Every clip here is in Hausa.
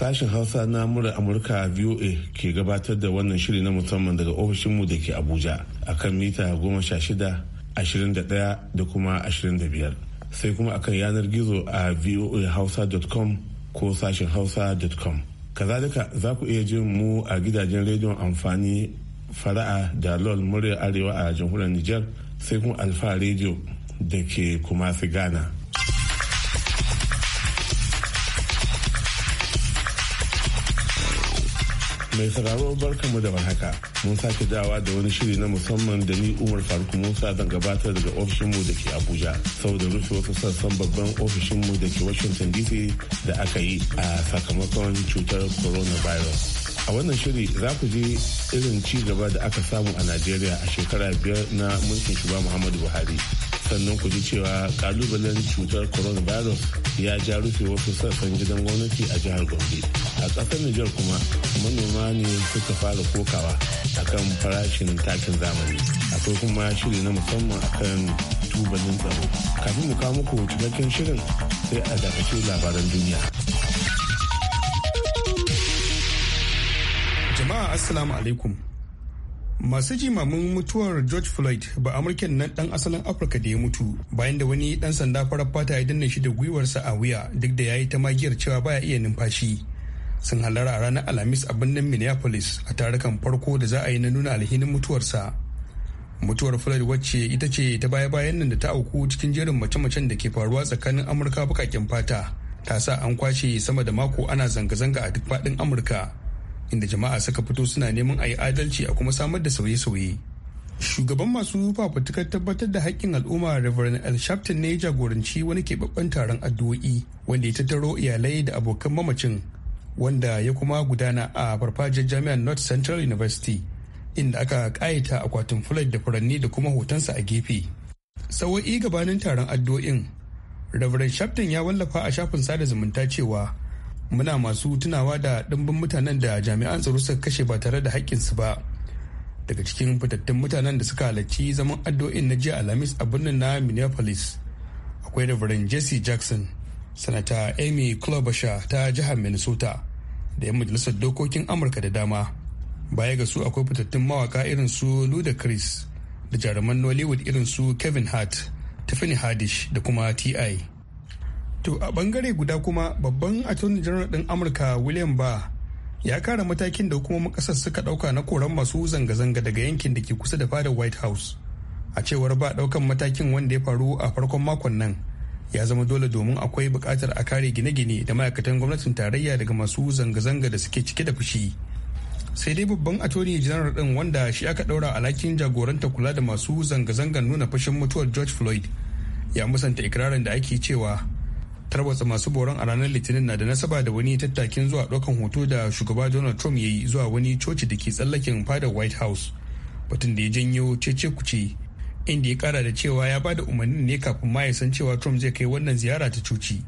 Sashen Hausa na murar Amurka VOA ke gabatar da wannan shiri na musamman daga ofishinmu da ke Abuja akan mita goma sha shida, ashirin da ɗaya da kuma ashirin da biyar. Sai kuma akan yanar gizo a voahausa.com ko sashen hausa.com. Kazalika za ku iya jin mu a gidajen rediyon amfani fara'a da lol murya arewa a jamhuriyar Nijar sai kuma alfa radio da ke kuma Ghana. mai sauraro barkanmu da haka mun sake dawa da wani shiri na musamman da ni umar faruk musa zan gabatar daga ofishinmu da ke abuja saboda rufe wasu sassan babban ofishinmu da ke washington dc da aka yi a sakamakon cutar coronavirus a wannan shiri za ku je irin ci gaba da aka samu a najeriya a shekara biyar na mulkin shugaba muhammadu buhari sannan ku ji cewa kalubalen cutar coronavirus ya ja rufe wasu sassan gidan gwamnati a jihar gombe a ƙasar Nijar kuma manoma ne suka fara kokawa akan farashin takin zamani akwai kuma shiri na musamman akan tubalin tsaro kafin mu kawo muku cikakken shirin sai a dakace labaran duniya jama'a assalamu alaikum masu jimamin mutuwar george floyd ba amurken nan dan asalin afirka da ya mutu bayan da wani dan sanda farar fata ya danne shi da gwiwarsa a wuya duk da ya yi ta magiyar cewa baya iya numfashi sun halara a ranar alhamis a birnin minneapolis a tarukan farko da za a yi na nuna alhinin mutuwarsa mutuwar floyd wacce ita ce ta baya-bayan nan da ta auku cikin jerin mace-macen da ke faruwa tsakanin amurka bukakin fata ta sa an kwashe sama da mako ana zanga-zanga a duk faɗin amurka inda jama'a suka fito suna neman a yi adalci a kuma samar da sauye-sauye shugaban masu fafutukar tabbatar da haƙƙin al'umma reverend el shafton ne jagoranci wani keɓaɓɓen taron addu'o'i wanda ya tattaro iyalai da abokan mamacin wanda ya kuma gudana a farfajiyar jami'ar north central university inda aka ƙayata akwatin fulai da furanni da kuma hotonsa a gefe sawa'i gabanin taron addu'o'in reverend shafton ya wallafa a shafin sada zumunta cewa muna masu tunawa da ɗimbin mutanen da jami'an tsaro suka kashe ba tare da haƙƙinsu ba daga cikin fitattun mutanen da suka halarci zaman addu'o'in na jiya alhamis a birnin na minneapolis akwai reverend jesse jackson sanata amy klobuchar ta jihar minnesota da 'yan majalisar dokokin amurka da dama baya ga su akwai fitattun mawaka irin su luda chris da jaruman nollywood irin su kevin hart tiffany hadish da kuma ti to a bangare guda kuma babban attorney general din amurka william ba ya kara matakin da kuma kasar suka dauka na koran masu zanga-zanga daga yankin da ke kusa da fadar white house a cewar ba daukan matakin wanda ya faru a farkon makon nan ya zama dole domin akwai bukatar a kare gine-gine da ma'aikatan gwamnatin tarayya daga masu zanga-zanga da suke cike da fushi sai dai babban attorney general din wanda shi aka ɗaura alhakin jagoranta kula da masu zanga-zangar nuna fashin mutuwar george floyd ya musanta ikirarin da ake cewa tarwatsa masu boron a ranar litinin na da nasaba da wani tattakin zuwa ɗaukan hoto da shugaba donald trump ya yi zuwa wani coci da ke tsallaken fadar white house batun da ya janyo cece kuce inda ya kara da cewa ya ba da umarnin ne kafin ma ya san cewa trump zai kai wannan ziyara ta cuci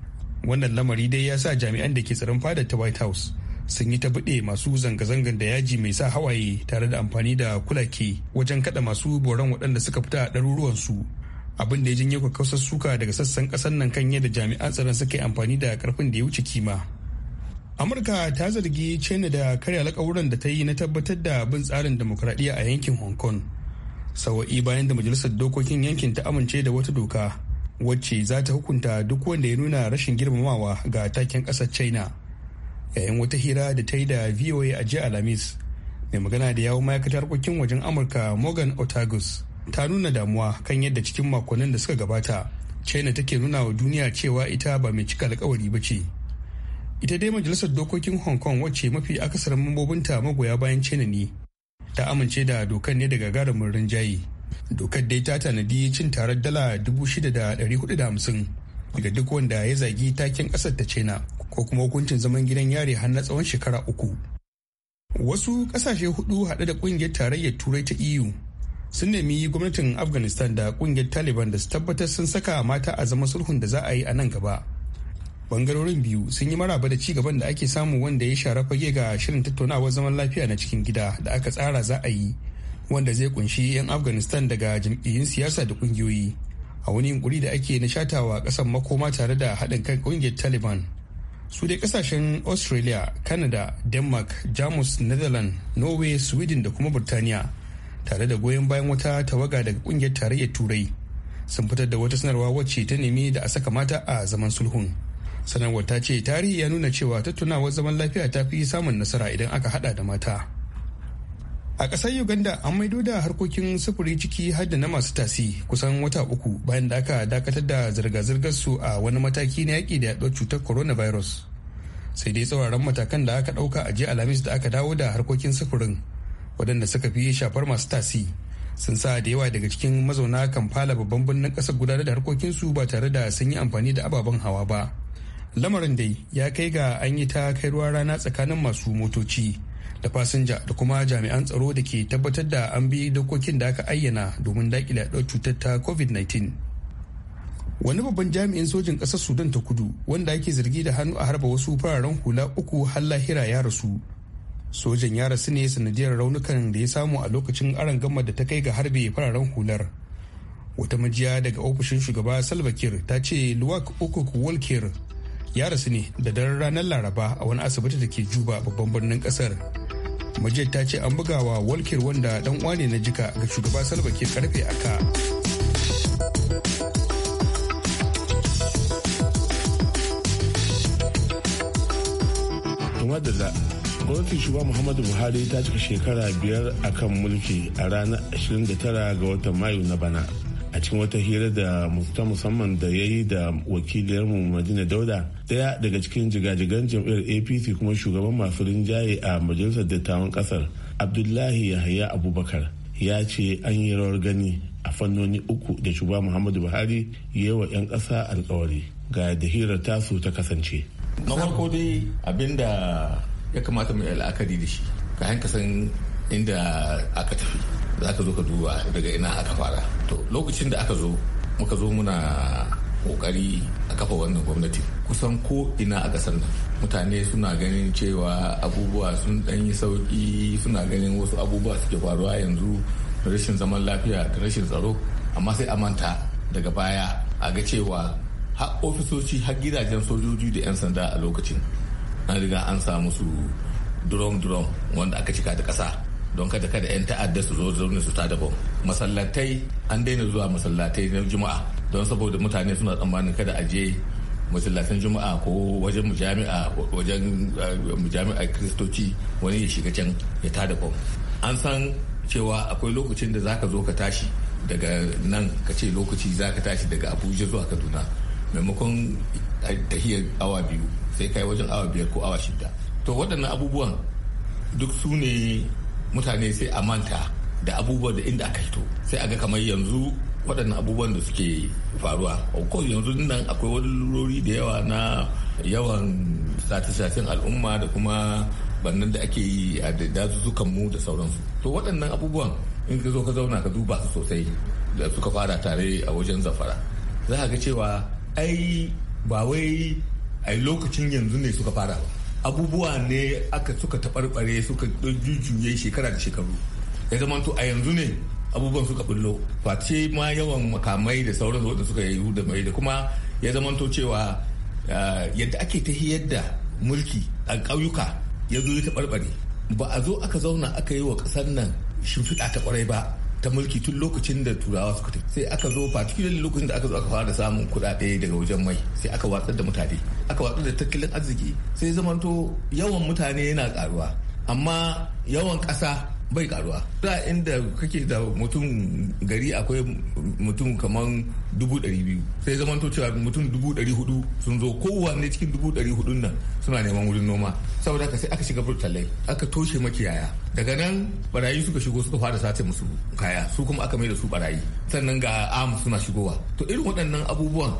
wannan lamari dai ya sa jami'an da ke tsaron fadar ta white house sun yi ta buɗe masu zanga-zangan da yaji mai sa hawaye tare da amfani da kulake wajen kada masu boran waɗanda suka fita a ɗaruruwansu abin da ya janyo kausar suka daga sassan ƙasar nan kan yadda jami'an tsaron suka yi amfani da karfin da ya wuce kima amurka ta zargi china da karya alƙawuran da ta yi na tabbatar da bin tsarin demokradiyya a yankin hong kong sawa'i bayan da majalisar dokokin yankin ta amince da wata doka wacce za ta hukunta duk wanda ya nuna rashin girmamawa ga taken ƙasar china yayin wata hira da ta yi da voa a jiya alhamis mai magana da yawon ma'aikatar harkokin wajen amurka morgan otagus ta nuna damuwa kan yadda cikin makonnin da suka gabata china take nuna wa duniya cewa ita ba mai cika alkawari ba ce ita dai majalisar dokokin hong kong wacce mafi akasarin mambobinta magoya bayan china ne ta amince da dokar ne daga gagarumin rinjaye dokar dai ta tanadi cin tarar dala 6,450 daga duk wanda ya zagi takin ƙasar ta China. ko kuma hukuncin zaman gidan yare har na tsawon shekara uku wasu ƙasashe hudu haɗe da ƙungiyar tarayyar turai ta eu sun nemi gwamnatin afghanistan da ƙungiyar taliban da su tabbatar sun saka mata a zama sulhun da za a yi a nan gaba bangarorin biyu sun yi maraba da ci gaban da ake samu wanda ya shara fage ga shirin tattaunawar zaman lafiya na cikin gida da aka tsara za a yi wanda zai kunshi 'yan afghanistan daga jam'iyyun siyasa da kungiyoyi a wani yunkuri da ake nishatawa kasan makoma tare da haɗin kan kungiyar taliban su dai kasashen australia canada denmark jamus netherlands norway sweden da kuma burtaniya tare da goyon bayan wata tawaga daga kungiyar tarayyar turai sun fitar da wata sanarwa wacce ta nemi da a saka mata a zaman sulhun sanarwar ta ce tarihi ya nuna cewa tattunawar zaman lafiya ta fi samun nasara idan aka hada da mata a ƙasar uganda an maido da harkokin sufuri ciki hadda na masu tasi kusan wata uku bayan da aka dakatar da zirga-zirgar su a wani mataki na yaƙi da yaɗuwar cutar coronavirus sai dai tsauraran matakan da aka ɗauka a jiya alhamis da aka dawo da harkokin sufurin waɗanda suka fi shafar masu tasi sun sa da yawa daga cikin mazauna kampala babban birnin ƙasar gudanar da harkokinsu ba tare da sun yi amfani da ababen hawa ba lamarin dai ya kai ga an yi ta kai ruwa rana tsakanin masu motoci da fasinja da kuma jami'an tsaro da ke tabbatar da an bi dokokin da aka ayyana domin daƙile da cutar ta covid-19 wani babban jami'in sojin ƙasar sudan ta kudu wanda ake zargi da hannu a harba wasu fararen hula uku har lahira ya rasu sojan ya rasu ne sanadiyar raunukan da ya samu a lokacin aron gama da ta kai ga harbe fararen hular wata majiya daga ofishin shugaba salva kiir ta ce luwak ukuk walker. ya rasu ne da daren ranar laraba a wani asibiti da ke juba babban birnin kasar majiyar ta ce an bugawa walker wanda dan wane na jika ga shugaba salva ke karfe aka gwamnatin shugaba muhammadu buhari ta cika shekara biyar a kan mulki a ranar 29 ga watan mayu na bana cikin wata hira da ta musamman da ya yi da mu madina dauda daya daga cikin jigajigan jam'iyyar apc kuma shugaban masu rinjaye a majalisar dattawan kasar abdullahi yahaya abubakar ya ce an yi rawar gani a fannoni uku da shugaba muhammadu buhari ya wa 'yan ƙasa alkawari ga da hirar tasu ta kasance na farko dai abinda ya kamata mu la'akari da shi ka hanka san inda aka tafi za ka zo ka duba daga ina aka fara to lokacin da aka zo muka zo muna kokari a kafa wannan gwamnati kusan ko ina a kasar nan mutane suna ganin cewa abubuwa sun dan yi sauki suna ganin wasu abubuwa suke faruwa yanzu rashin zaman lafiya da rashin tsaro amma sai a manta daga baya a ga cewa har ofisoci har gidajen sojoji da 'yan sanda a lokacin an riga an sa musu drum drum wanda aka cika da ƙasa don kada kada 'yan ta'adda su zo zaune su ta bom masallatai an daina zuwa masallatai na juma'a don saboda mutane suna tsammanin kada a je masallatan juma'a ko wajen jami'a wajen eh, jami'a kristoci wani ya shiga can ya ta bom an san cewa akwai lokacin da zaka zo ka tashi daga nan ka ce lokaci zaka tashi daga abuja zuwa kaduna maimakon tahiyar awa biyu sai kai wajen awa biyar ko awa shida to waɗannan abubuwan duk su ne mutane sai a manta da abubuwan da inda aka hito sai a ga kamar yanzu waɗannan abubuwan da suke faruwa ko yanzu nan akwai wani lurori da yawa na yawan sace-sacen al'umma da kuma bannan da ake yi a dazuzzukan mu da sauransu to waɗannan abubuwan in ka zo ka zauna ka duba su sosai da suka fara tare a wajen zafara za ka ga cewa ai ba wai ai lokacin yanzu ne suka fara ba abubuwa ne aka suka taɓarɓare suka jujjuye shekara da shekaru ya zama to a yanzu ne abubuwan suka bullo face ma yawan makamai da sauran da suka yi da mai da kuma ya zama to cewa yadda ake ta da mulki a ƙauyuka ya zo ya taɓarɓare ba a zo aka zauna aka yi wa ƙasar nan shimfiɗa ta ƙwarai ba ta mulki tun lokacin da turawa suka tafi sai aka zo particularly lokacin da aka zo aka fara samun kuɗaɗe daga wajen mai sai aka watsar da mutane aka watsar da tattalin arziki sai zamanto yawan mutane yana karuwa amma yawan ƙasa bai karuwa da inda kake da mutum gari akwai mutum kaman dubu ɗari biyu sai zaman to cewa mutum dubu ɗari hudu sun zo kowanne cikin dubu ɗari hudun nan suna neman wurin noma saboda haka sai aka shiga burtalai aka toshe makiyaya daga nan barayi suka shigo suka fara sace musu kaya su kuma aka mai da su barayi sannan ga am suna shigowa to irin waɗannan abubuwan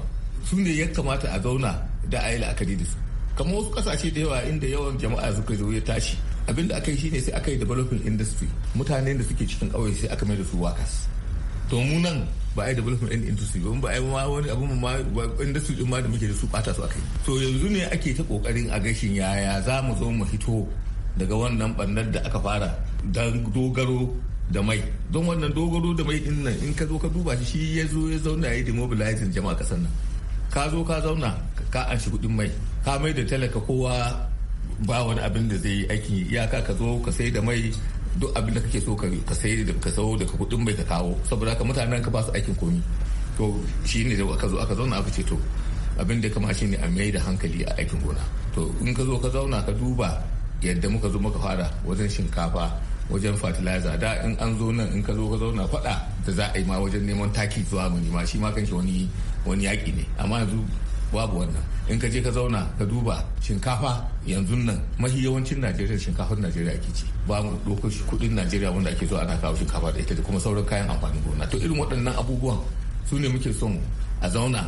su ne ya kamata a zauna da a yi la'akari da su kamar wasu ƙasashe da yawa inda yawan jama'a suka zo ya tashi abin da aka yi shine sai aka yi developing industry mutanen da suke cikin ƙauye sai aka mai da su wakas to mu nan ba a yi development industry ba ba a yi wani abu ma industry din ma da muke da su bata su aka yi to yanzu ne ake ta kokarin a gashin yaya za mu zo mu fito daga wannan bannar da aka fara don dogaro da mai don wannan dogaro da mai din nan in ka zo ka duba shi ya zo ya zauna ya yi demobilizing jama'a kasar nan ka zo ka zauna ka an shi kuɗin mai ka mai da talaka kowa ba wani abin da zai yi aiki iyaka ka zo ka sai da mai duk abin da kake so ka sai da ka sau da kudin mai ka kawo saboda ka mutanen ka ba su aikin komi to shi ne da aka zo aka zauna aka ce to abin da kama shi ne a mai da hankali a aikin gona to in ka zo ka zauna ka duba yadda muka zo muka fara wajen shinkafa wajen fertilizer da in an zo nan in ka zo ka zauna faɗa da za a yi ma wajen neman taki zuwa mu ma shi ma kanshi wani wani yaƙi ne amma yanzu babu wannan in ka je ka zauna ka duba shinkafa yanzu nan mahi yawancin najeriya shinkafar najeriya ake ci ba mu ɗauko kuɗin najeriya wanda ake zuwa ana kawo shinkafa da ita da kuma sauran kayan amfanin gona to irin waɗannan abubuwan su ne muke son a zauna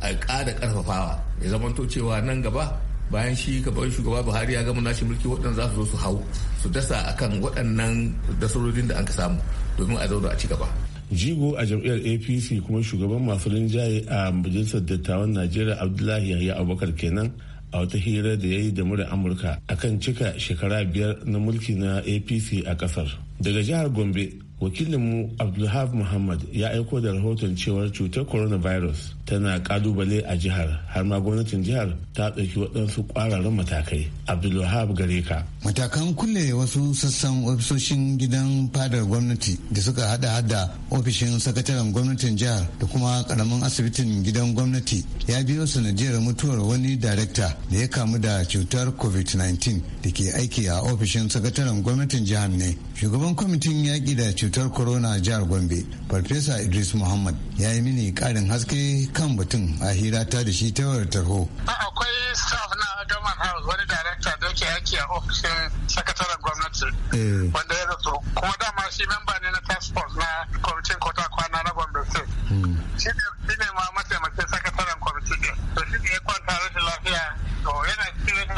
a ƙara ƙarfafawa ya zama to cewa nan gaba bayan shi gaban shugaba buhari ya gama nashi mulki waɗanda za su zo su hau su dasa akan waɗannan dasarorin da an ka samu domin a zauna a ci gaba jigo a jam'iyyar apc kuma shugaban masu rinjaye a majalisar dattawan najeriya abdullahi yahya abubakar kenan a wata hira da ya yi da murar amurka akan cika shekara biyar na mulki na apc a kasar daga jihar gombe wakilinmu abdulhaf muhammad ya aiko da rahoton cewar cutar coronavirus tana kalubale a jihar har ma gwamnatin jihar ta tsaki waɗansu ƙwararren matakai abdulwahab gare ka matakan kulle wasu sassan ofisoshin gidan fadar gwamnati da suka hada hada ofishin sakataren gwamnatin jihar da kuma karamin asibitin gidan gwamnati ya biyo sanadiyar mutuwar wani darekta da ya kamu da cutar covid-19 da ke aiki a ofishin sakataren gwamnatin jihar ne shugaban kwamitin yaƙi da cutar corona a jihar gombe farfesa idris muhammad ya yi mini karin haske kan batun a ta da shi ta wayar tarho akwai staff na government house wani director da yake aiki a ofishin sakataren gwamnati eh. wanda ya rasu kuma dama shi memba ne na task force na kwamitin kota kwana na gombe state hmm. shi ne ma mataimakin sakataren kwamitin da shi ne ya kwanta rashin lafiya to yana cikin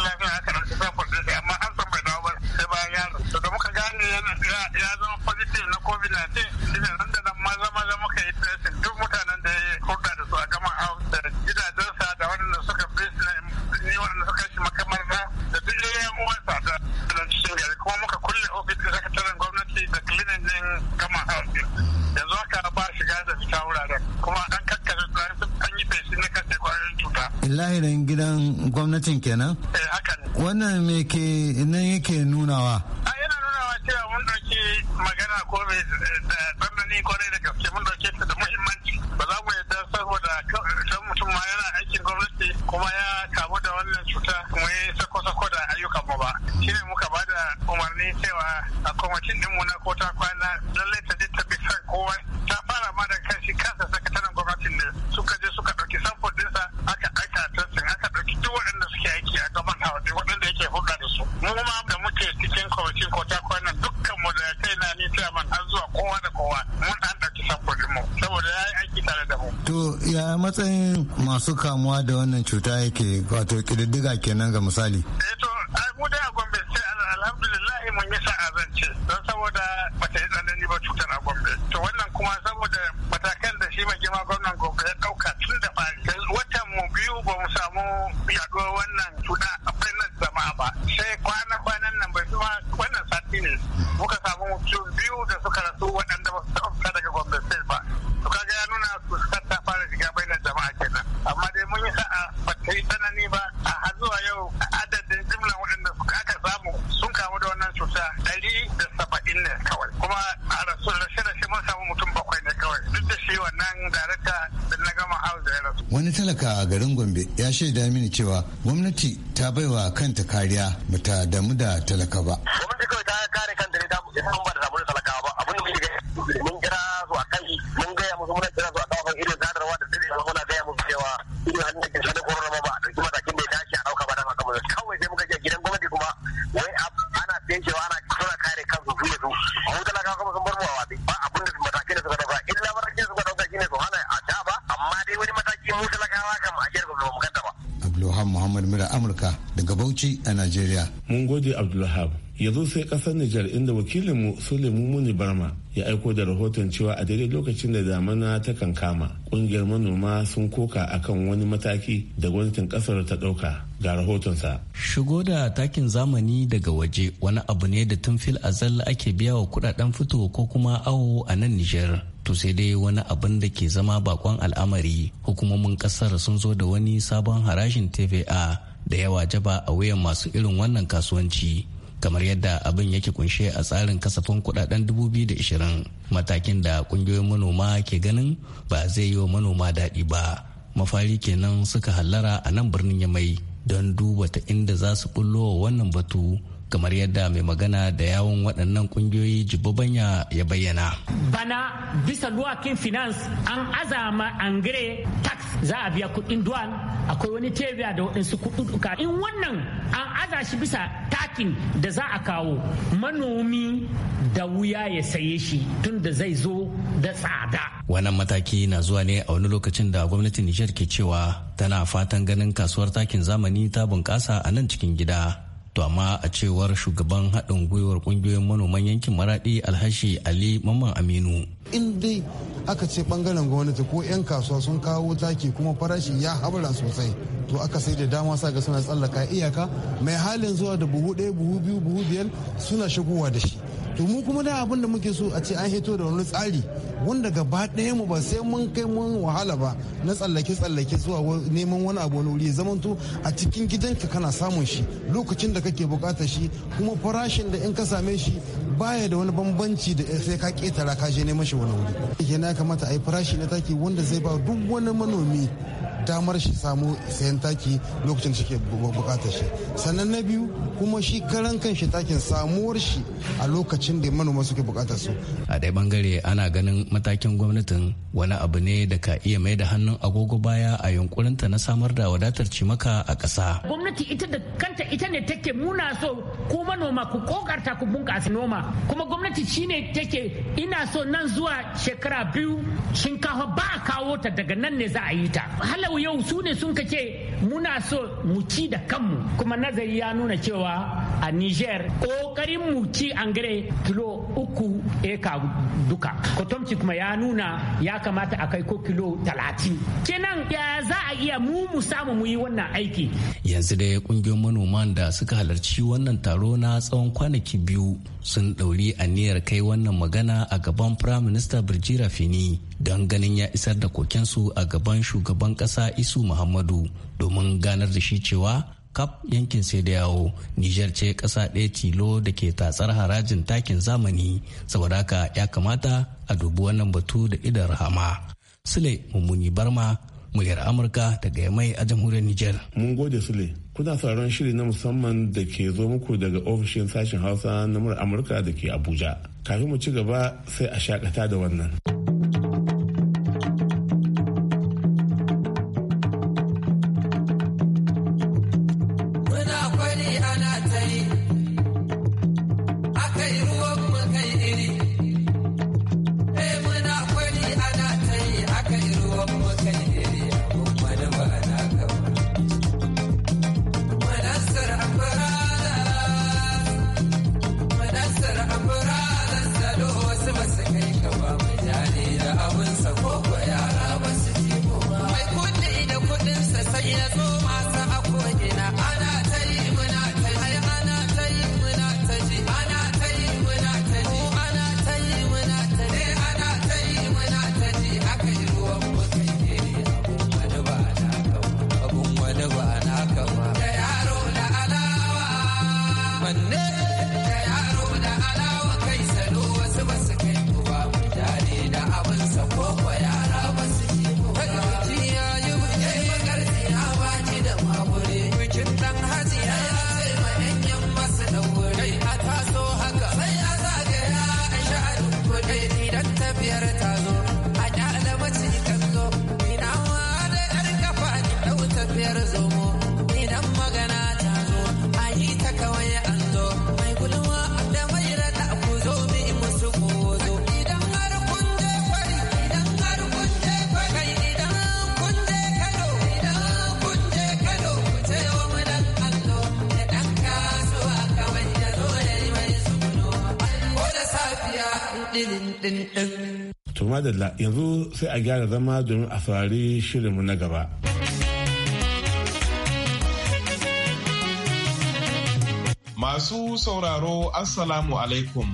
ya zama positive na covid-19 shi nan da nan maza maza muka yi tracing duk mutanen da ya hulɗa da su a gama house da gidajensa da waɗanda suka fi ni suka shi da duk yayin uwansa da gari kuma muka kulle ofis da sakataren gwamnati da clinic din gama house yanzu ba shiga da fita wuraren kuma an kakkashe an yi feshi na kashe kwayoyin cuta. lahirin gidan gwamnatin kenan? eh wannan me ke nan yake nunawa? kwamitin kota kwanan dukkan mu da kai na ni chairman har zuwa kowa da kowa mun an ɗauki samfurin mu saboda ya yi aiki tare da mu. To ya matsayin masu kamuwa da wannan cuta yake wato kididdiga kenan ga misali. Eh cewa gwamnati ta baiwa kanta kariya bata damu da talaka ba. Gwamnati kawai ta kare kanta ne ta ba Bauchi a Najeriya. Mun gode Abdulhab. Yanzu sai kasar Nijar inda wakilinmu Sule Muni Barma ya aiko da rahoton cewa a daidai lokacin da damana ta kankama kungiyar manoma sun koka akan wani mataki da gwamnatin kasar ta dauka ga rahotonsa shigo da takin zamani daga waje wani abu ne da tun fil azal ake biya wa kudaden fito ko kuma awo a nan nijar to sai dai wani abin da ke zama bakon al'amari hukumomin kasar sun zo da wani sabon harashin tva da yawa jaba a wuyan masu irin wannan kasuwanci kamar yadda abin yake kunshe a tsarin kasafin kudaden 2020 matakin da kungiyoyin manoma ke ganin ba zai yi wa manoma daɗi ba mafari kenan suka hallara a nan birnin yamai don duba ta inda za su wa wannan batu kamar yadda mai magana da yawon waɗannan ƙungiyoyi jibobanya ya bayyana. Bana bisa duwakin finance an azama angire tax za a biya kuɗin duwan akwai wani tebiya da waɗansu kuɗuɗuka. In wannan an aza shi bisa takin da za a kawo manomi da wuya ya saye shi tun da zai zo da tsada. Wannan mataki na zuwa ne a wani lokacin da gwamnatin Nijar ke cewa tana fatan ganin kasuwar takin zamani ta bunƙasa a nan cikin gida. to amma a cewar shugaban haɗin gwiwar ƙungiyoyin manoman yankin maraɗi alhashi ali mamman aminu in dai aka ce ɓangaren gwamnati ko 'yan kasuwa sun kawo taki kuma farashi ya habara sosai to aka sai da dama sa ga suna tsallaka iyaka mai halin zuwa da buhu ɗaya buhu biyu buhu biyar suna shigowa da shi to mu kuma da abin da muke so a ce an hito da wani tsari wanda gaba ɗaya mu ba sai mun kai mun wahala ba na tsallake tsallake zuwa neman wani abu wani wuri zamanto a cikin gidanka kana samun shi lokacin da kake bukatar shi kuma farashin da in ka same shi baya da wani bambanci da sai ka ketara ka je neman shi wani wuri na ya kamata a yi farashi na taki wanda zai ba duk wani manomi damar shi samu sayan taki lokacin da suke bukatar shi sannan na biyu kuma shi karan kan shi takin samuwar shi a lokacin da manoma suke bukatar su a ɗaya bangare ana ganin matakin gwamnatin wani abu ne da ka iya mai da hannun agogo baya a yunkurinta na samar da wadatar cimaka a ƙasa gwamnati ita da kanta ita ne take muna so ku manoma ku kokarta ku bunƙasa. noma kuma gwamnati shine take ina so nan zuwa shekara biyu shinkafa ba a kawo ta daga nan ne za a yi ta yau yau su ne sun kace muna so mu ci da kanmu kuma nazari ya nuna cewa a niger kokarin mu ci angre kilo uku eka duka kotomci kuma ya nuna ya kamata a kai ko kilo talatin kenan ya za a iya mu mu samu mu yi wannan aiki yanzu dai kungiyar manoman da suka halarci wannan taro na tsawon kwanaki biyu sun ɗauri aniyar kai wannan magana a gaban prime minister birjira fini don ganin ya isar da kokensu a gaban shugaban kasa isu muhammadu domin ganar da shi cewa kaf yankin sai da yawo niger ce ƙasa ɗaya tilo da ke tatsar harajin takin zamani saboda haka ya kamata a dubi wannan batu da idan rahama sule mummuni barma muryar amurka daga mai a jamhuriyar niger. mun gode sule kuna sauran shiri na musamman da ke zo muku daga ofishin sashen hausa na murar amurka da ke abuja kafin mu ci gaba sai a shakata da wannan. ɗin. To madalla yanzu sai a gyara zama domin a saurari shirinmu na gaba. Masu sauraro Assalamu alaikum.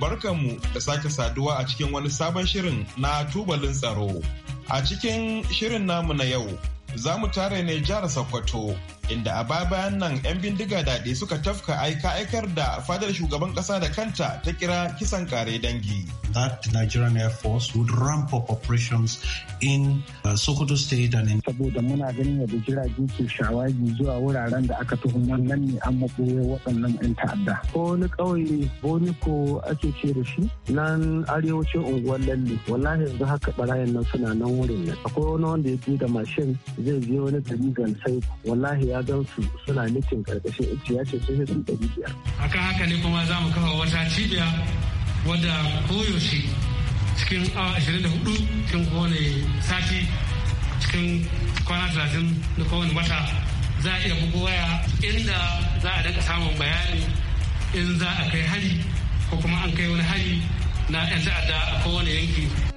Barkanmu da sake saduwa a cikin wani sabon shirin na tubalin tsaro. A cikin shirin namu na yau, za mu tare ne jihar Sokoto inda a bayan nan 'yan bindiga daɗe suka tafka aika aikar da fadar shugaban ƙasa da kanta ta kira kisan kare dangi. That Nigerian Air Force would ramp up operations in uh, Sokoto State and in... Saboda muna ganin da jirage ke shawagi zuwa wuraren da aka tuhuma nan ne an maɓoye waɗannan 'yan ta'adda. Ko wani ƙauye ko ake ce da shi nan arewacin unguwar Lalle. Wallahi yanzu haka barayin nan suna nan wurin nan. Akwai wani wanda ya je da mashin zai je wani gari sai Wallahi ya ya gan su suna mitin karkashin ice ya ce sun yi sun ɗari biyar. Haka haka ne kuma za mu kafa wata cibiya wadda koyaushe cikin awa ashirin da hudu cikin kowane sati cikin kwana talatin na kowane wata za a iya bugu waya inda za a daga samun bayani in za a kai hari ko kuma an kai wani hari na 'yan ta'adda a kowane yanki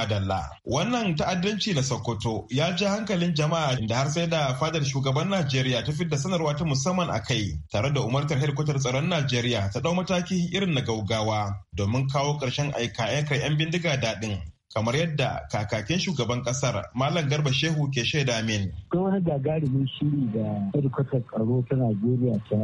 madalla. Wannan ta'addanci na Sokoto ya ji hankalin jama'a da har sai da fadar shugaban Najeriya ta fidda sanarwa ta musamman a kai tare da umartar hedkwatar tsaron Najeriya ta dau mataki irin na gaugawa domin kawo ƙarshen aika-aikar 'yan bindiga daɗin. kamar yadda kakakin shugaban kasar malam garba shehu ke shaida min. wani gagarumin shiri da hedikwatar tsaro ta najeriya ta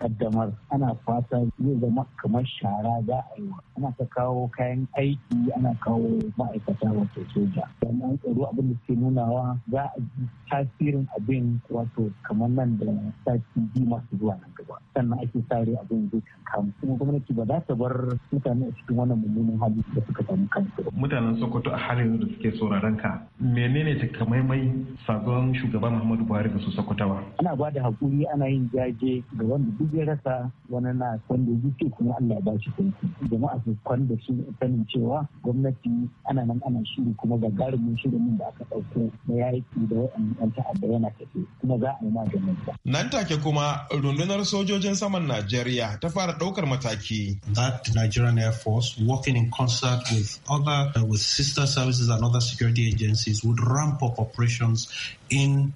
kaddamar ana fata zai zama kamar shara za a yi ana ta kawo kayan aiki ana kawo ma'aikata wato soja jami'an tsaro abin da suke nunawa za a ji tasirin abin wato kamar nan da sati biyu masu zuwa nan gaba sannan ake sare abin zai kankamu kuma gwamnati ba za ta bar mutane a cikin wannan mummunan hali da suka samu kansu mutanen Sokoto a halin da suke sauraron ka menene takamaimai sabon shugaban Muhammadu Buhari ga su Sokotawa ana ba da hakuri ana yin jaje ga wanda duk ya rasa wani na san da yake kuma Allah ba shi sauki jama'a su kwan da su sanin cewa gwamnati ana nan ana shiri kuma gagarumin shirin da aka ɗauko na yaki da wa'annan ta'adda yana tafe kuma za a yi maganin sa nan take kuma rundunar sojojin saman Najeriya ta fara ɗaukar mataki that Nigerian Air Force working in concert with other uh, with sister services and other security agencies would ramp up operations in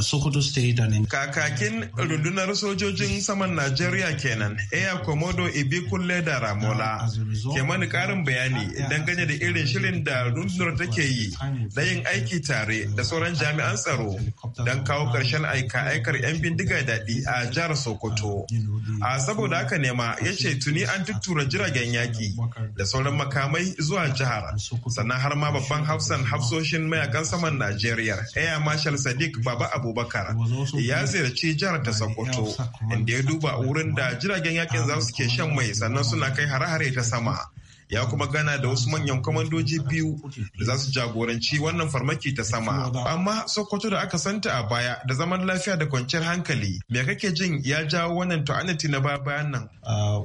Sokoto State and Kakakin rundunar sojojin saman Najeriya kenan, Air Komodo Ibi Kulle da Ramola. Ke mani karin bayani dangane da irin shirin da rundunar take yi na yin aiki tare uh, da sauran jami'an tsaro don kawo ƙarshen aika-aikar uh, 'yan bindiga daɗi a jihar Sokoto. Uh, a saboda haka nema ya ce tuni an tuttura jiragen yaƙi da sauran makamai zuwa jihar, sannan har ma babban hafsan hafsoshin mayakan saman Najeriya, Air Marshal Sadiq ba Baba Abubakar ya ziyarci jihar ta Sokoto inda ya duba wurin da jiragen yakin za su ke shan mai sannan suna kai hare-hare ta sama. ya kuma gana da wasu manyan kwamandoji biyu da za su jagoranci wannan farmaki ta sama amma sokoto da aka santa a baya da zaman lafiya da kwanciyar hankali me kake jin ya jawo wannan ta'anati na baya bayan nan ah,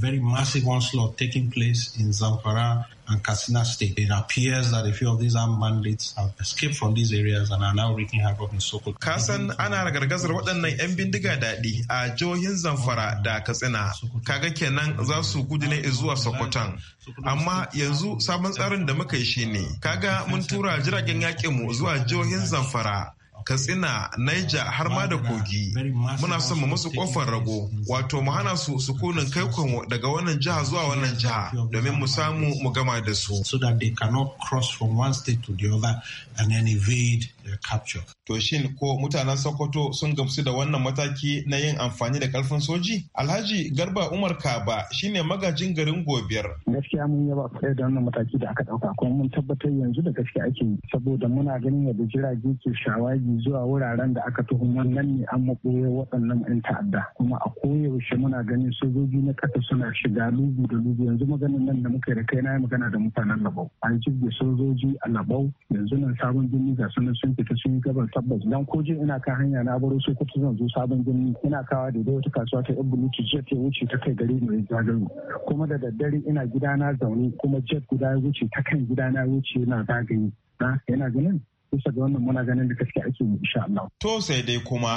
very massive onslaught taking place in Zamfara and Katsina state. It appears that a few of these armed bandits have escaped from these areas and are now wreaking havoc in Sokoto. Kasan ana ragargazar waɗannan 'yan bindiga daɗi a jihohin Zamfara da Katsina. Kaga kenan za su gudu ne zuwa Sokoton. Amma yanzu sabon tsarin da muka yi shine. Kaga mun tura jiragen mu zuwa jihohin Zamfara katsina naija har ma da kogi muna son mu musu kofar rago wato mu hana su sukunin kai kwanwo daga wannan jiha zuwa wannan jiha domin mu samu mu gama da su so that they cannot cross from one state to the other and then evade their capture. To shin ko mutanen Sokoto sun gamsu da wannan mataki na yin amfani da karfin soji? Alhaji Garba Umar Kaba shine magajin garin Gobiyar. Gaskiya mun yaba kwarai da wannan mataki da aka dauka kuma mun tabbatar yanzu da gaskiya ake yi saboda muna ganin yadda jirage ke shawagi zuwa wuraren da aka tuhuma, nan ne an makoye waɗannan 'yan ta'adda kuma a koyaushe muna ganin sojoji na ƙasa suna shiga lubu da lubu yanzu maganin nan da muka yi da kai na yi magana da mutanen Labau. An jirge sojoji a Labau yanzu nan sa sabon birni ga sunan sun fita sun yi gabar tabbas dan koje ina kan hanya na baro sai kuta zan zo sabon birni ina kawa da dai wata kasuwa ta ibnu jet ya wuce ta kai gari mai zagayo kuma da daddare ina gidana zaune kuma jet guda ya wuce ta kan gidana wuce yana zagaye na yana ganin bisa ga wannan muna ganin da kaske ake yi insha Allah to sai dai kuma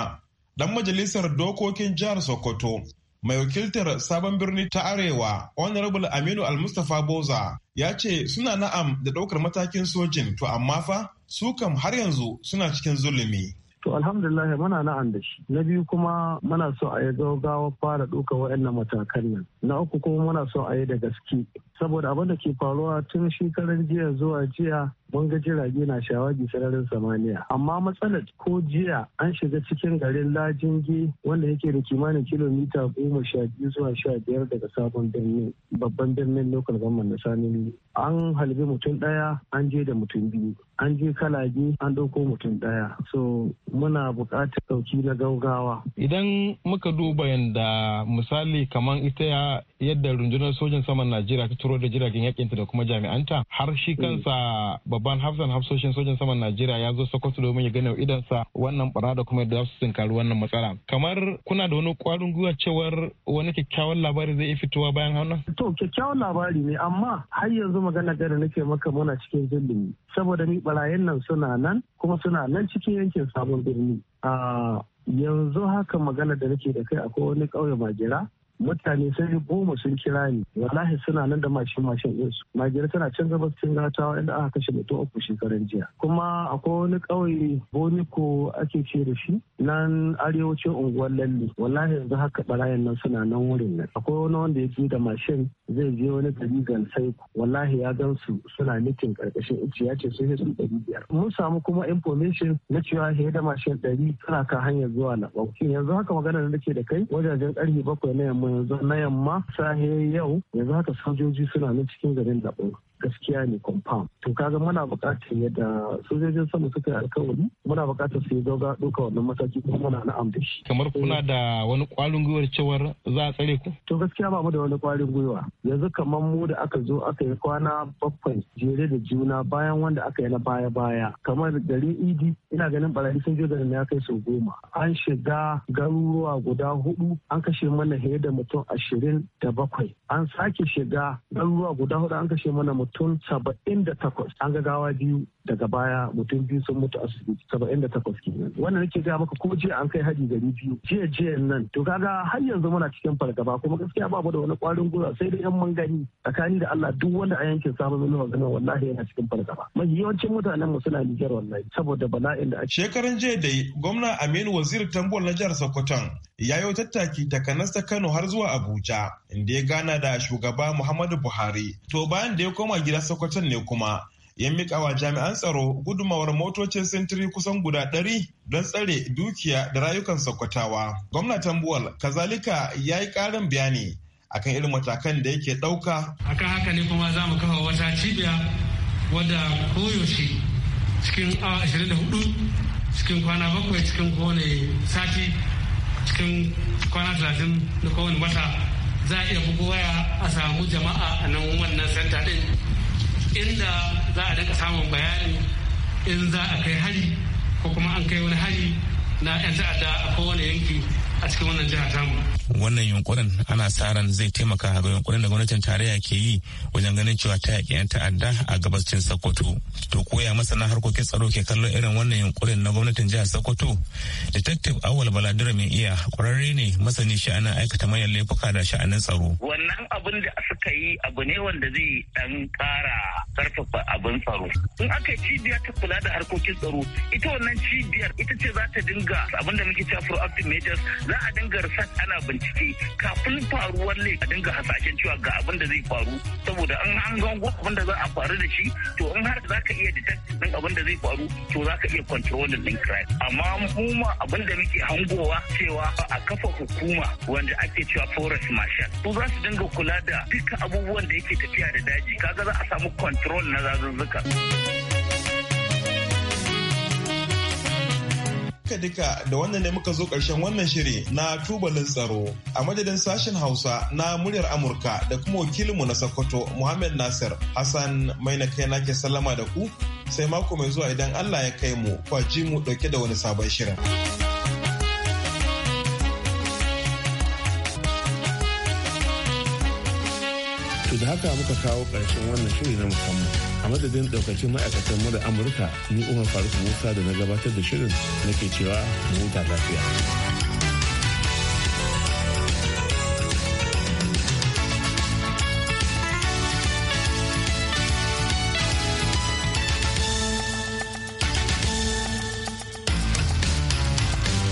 dan majalisar dokokin jihar Sokoto mai wakiltar sabon birni ta arewa honorable aminu almustapha boza ya ce suna na'am da ɗaukar matakin sojin to amma fa su kam har yanzu suna cikin zulumi To alhamdulillah muna na'an da shi. Na biyu kuma muna so a yi gaggawa fara ɗauka waɗannan matakan nan. Na uku kuma muna so a yi da gaske. Saboda abin da ke faruwa tun shekarar jiya zuwa jiya mun ga jirage na shawagi sararin samaniya amma matsalar ko jiya an shiga cikin garin lajinge wanda yake da kimanin kilomita goma sha biyu zuwa sha biyar daga sabon birnin babban birnin local government na sanini an halbi mutum daya an je da mutum biyu an je kalage an ɗauko mutum daya so muna buƙatar ɗauki na gaugawa idan muka duba yadda misali kamar ita yadda rundunar sojan saman najeriya ta turo da jiragen yakinta da kuma jami'anta har shi hmm. kansa babban hafsan hafsoshin sojan saman najeriya ya zo sokoto domin ya gane idansa wannan bara da kuma yadda su tunkari wannan matsala kamar kuna da wani kwarin gwiwa cewar wani kyakkyawan labari zai iya fitowa bayan hannun. to kyakkyawan labari ne amma har yanzu magana da nake maka muna cikin zillimi saboda ni barayin nan suna nan kuma suna nan cikin yankin sabon birni ah, yanzu haka magana da nake da kai akwai wani ƙauye majira mutane sai goma sun kira ni wallahi suna nan da mashin mashin din su magiyar tana can gaba cikin gatawa inda aka kashe mutum uku shekaran jiya kuma akwai wani ƙauye boniko ake ce da shi nan arewacin unguwar lalle wallahi yanzu haka barayin nan suna nan wurin nan akwai wani wanda ya je da mashin zai je wani gari gansai wallahi ya gan su suna nikin karkashin ice ya ce sun yi sun ɗari biyar mun samu kuma information na cewa ya da mashin ɗari suna kan hanyar zuwa laɓau yanzu haka magana da nake da kai wajajen ƙarfe bakwai na yamma yanzu na yamma sahe yau yanzu haka sojoji suna nan cikin garin zaɓen gaskiya ne confirm to kaga muna buƙatar yadda sojojin sama suka yi alkawari muna buƙatar su yi gauga ɗauka wannan mataki kuma muna na'am da shi kamar kuna da wani ƙwarin gwiwar cewar za a tsare ku to gaskiya ba mu da wani ƙwarin gwiwa yanzu kamar mu da aka zo aka yi kwana bakwai jere da juna bayan wanda aka yi na baya baya kamar gari idi e ina ganin barayi sun je garin ya kai sau goma an shiga garuruwa guda hudu an kashe mana fiye da mutum ashirin da bakwai an sake shiga garuruwa guda hudu an kashe mana mutum tun saba'in da takwas an ga gawa biyu daga baya mutum biyu sun mutu asibiti saba'in da takwas kenan wannan nake gaya maka ko jiya an kai hadi gari biyu jiya jiya nan to kaga har yanzu muna cikin fargaba kuma gaskiya babu da wani kwarin gwiwa sai da yan mangani tsakani da Allah duk wanda a yankin sabon zuwa maganar wallahi yana cikin fargaba Mai yawancin mutanen mu suna Nijar wallahi saboda bala'in da ake shekaran jiya dai gwamna Aminu Wazir Tambol na jihar Sokoton ya yi tattaki takanas ta Kano har zuwa Abuja inda ya gana da shugaba Muhammadu Buhari to bayan da ya koma gida Sokoton ne kuma ya mika wa jami'an tsaro gudumawar motocin sintiri kusan guda ɗari don tsare dukiya da rayukan sokotawa. Gwamnatin Buwal kazalika ya yi ƙarin bayani akan irin matakan da yake ɗauka. Akan haka ne kuma za mu kafa wata cibiya wadda koyaushe cikin awa 24 cikin kwana bakwai cikin kowane sati cikin kwana 30 na kowane wata za a iya bugu waya a samu jama'a a nan wannan santa ɗin inda za a daga samun bayani in za a kai hari ko kuma an kai wani hari na 'yan ta'adda a kowane yanki a cikin wannan jihar tamu. wannan yunkurin ana sa ran zai taimaka ga yunkurin da gwamnatin tarayya ke yi wajen ganin cewa ta yaƙi 'yan ta'adda a gabashin sokoto to koya masana harkokin tsaro ke kallon irin wannan yunkurin na gwamnatin jihar sokoto detective awal Baladira mai iya Ƙwararre ne masani sha'anin aikata manyan laifuka da sha'anin tsaro wannan abin da suka yi abu ne wanda zai dan kara karfafa abin tsaro in aka yi cibiya ta kula da harkokin tsaro ita wannan cibiyar ita ce za ta dinga abin da muke cewa proactive measures za a dinga research ana bincike ciki kafin faruwar ne a dinga hasashen cewa ga abin da zai faru saboda an an abin da za a faru da shi to in har za ka iya detect din abin da zai faru to za ka iya controlling din crime amma mu ma abin da muke hangowa cewa a kafa hukuma wanda ake cewa forest marshal su za su dinga kula da duka abubuwan da yake tafiya da daji kaga za a samu control na zazuzzuka. duka da wannan ne muka zo ƙarshen wannan shiri na tubalin tsaro a madadin sashen hausa na muryar amurka da kuma wakilinmu na sokoto muhammad nasir hassan mai na kai nake sallama da ku sai mako mai zuwa idan allah ya kai mu kwaji mu ɗauke da wani sabon shirin. To da haka muka kawo ƙarshen wannan shiri na musamman a madadin ɗaukacin ma'aikatan mu da Amurka ni Umar Faruk Musa da na gabatar da shirin nake cewa mu huta lafiya.